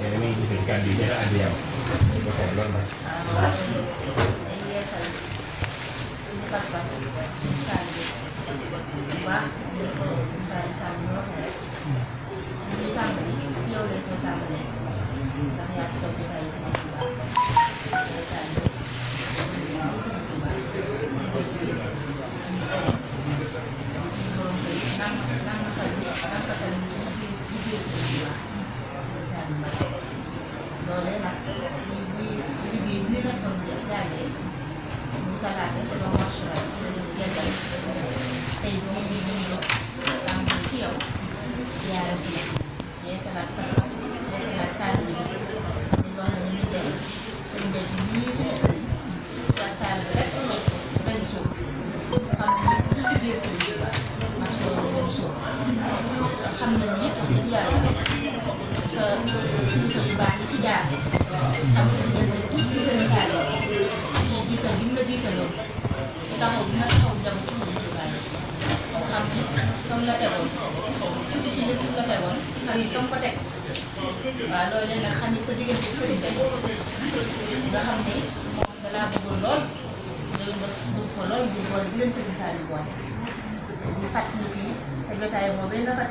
mais damay jëfee kàddu yi gën a àddu yàlla dañ ko xeeb loolu nag. waaw day yeesal suñu pas-pas suñu taal bi bu baax ñu ko suñu saali saal ñu waxee rek ñu tàmbali yow lañ koy tàmbalee ndax yaa fi toog jotaay si bu baax ziyaar sa kilifa yu baax yi fi jaar xam seen jënd si seen misaal yi jiital bi mu la jiitaloon taxaw bi nga taxaw jàmm ci seen jibaay xam ni fam sa diggante sëriñ bi nga xam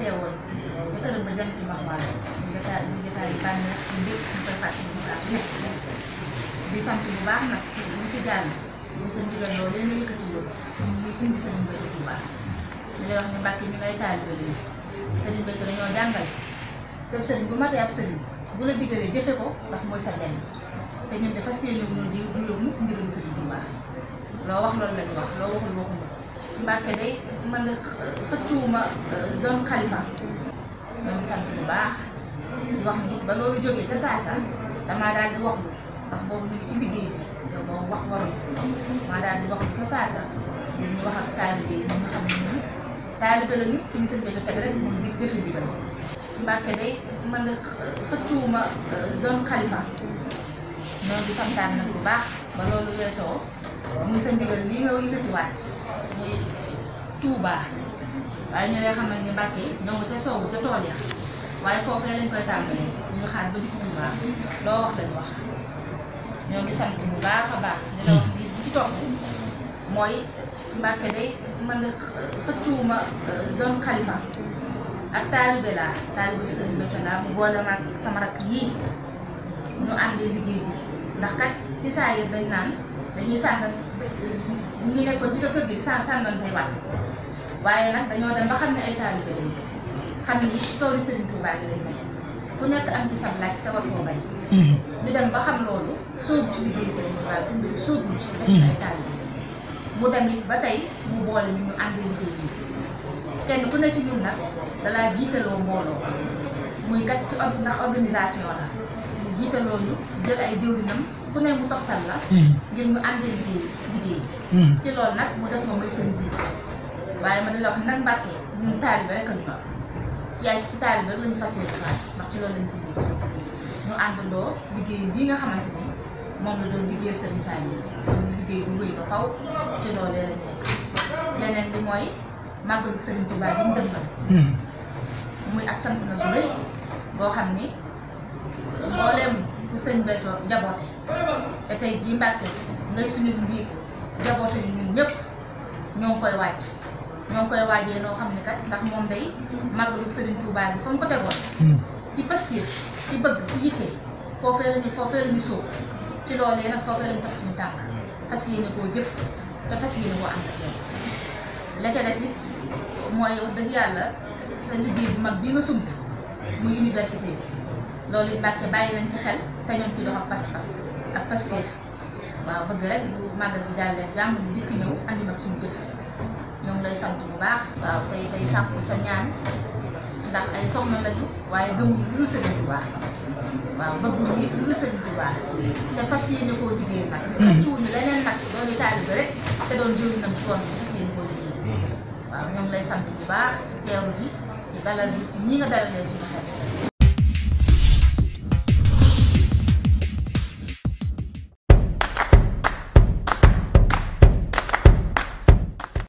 teewoon ba heure ba jant ba xawaale ñu jotaay ñu jotaay bànneex ci mbir ñu koy fàttali ñu saa yëpp di sant bu baax nag ñu ci jàll ñu sa ndigal yow leen yëkkati woon ñu indi yi sëriñ Béthio dañoo sa sëriñ bu matee ab sa njariñ te baax loo wax loolu lañu wax loo waxul waxul mbàkke day man nga xëccuwuma doon xalifa ñoo ngi bu baax di wax ni ba loolu jógee ca saasa damaa daal di wax lu ndax boobu ñu ngi ci liggéey bi te wax waru maa daal di wax lu ca saasa ngir ñu wax ak taalibe yi ñu di jëfe ndigal Mbàkke day man euh, nag bu baax ba loolu weesoo muy sa ndigal lii nga yëkkatiwaat muy Tuubaa waaye ñu lay xamal ni Mbàkke ñoo ngi te soowu te tool ya waaye foofee lañ koy tàmbalee ñu ngi sant bu baax a baax di la wax lii bu ci topp mooy Mbàkke day man nga xëccuwuma euh, doon xalifa ak taalibe laa taalibe sëriñ Béthio laa mu boole ma ak sama rakk yii ñu àndee liggéey bi ndax kat ci saa yi dañ naan dañuy sànnan ñi nekkoon ci kër gi sàn sànnantey wat waaye nag dañoo dem ba xam ne ay taalibe lañ xam ne ci mhm. dem ba xam loolu sóobu ci liggéey Serigne Touba bi mhm. mu ba tey mu boole ñu ñu ànd liggéey kenn ku ne ci ñun nag dalaa jiitaloo mbooloo muy kat ci ndax organisation la mu jiitaloo ñu jël ay jëwriñam ku ne mu toxtal la. Mhm. ngir mu àndee liggéey liggéey. ci loolu nag mu def moom mooy seen jiit. waaye man la wax nag Mbàkke ñun taalibe rek a ñu ci ay ci taalibe rek lañu fas yéene waat ndax ci loolu lañ si biir liggéey bii nga xamante ni moom la doon liggéeyal Serigne Saliou ñu liggéey bu ba faw ci loolee lañ boo hmm. xam ni mbooleem ku sëñ Béthio jaboote te tey jii Mbàkke ngay suñu mbiir jaboote ñu ñëpp ñoo koy wàcc ñoo ngi koy waajee noo xam ne kat ndax moom day màggalu Serigne Touba bi fa mu ko tegoon hmm. ci passif ci bëgg ci yitte foofee lañu foofee lañu sóob ci loolee nag foofee lañu teg suñu tànk fas yéene koo jëf te fas yéene koo ànd ak yow la ca des it mooy dëgg yàlla sa liggéey bu mag bii nga sumb muy université bi loolu it Mbàkke bàyyi nañ ci xel te ñoom ci dox ak pas-pas ak passif waaw bëgg rek bu màggal bi daal jàmm dikk ñëw andi nag suñu jëf ñoo ngi lay sant bu baax. waaw tey tey sàkku sa ñaan ndax ay soxna lañu waaye gëmuñu lu dul Sëriñ Tuubaa waaw bëgguñu it lu dul Sëriñ Tuubaa te fas yéene koo liggéey nag. tuuti leneen nag doon taalibe rek te doon jëriñ nag tool bi fas yéene koo liggéey waaw ñoo lay sant bu baax ci teeru bi ci dalal bi ci ñi nga dalalee suñu xel.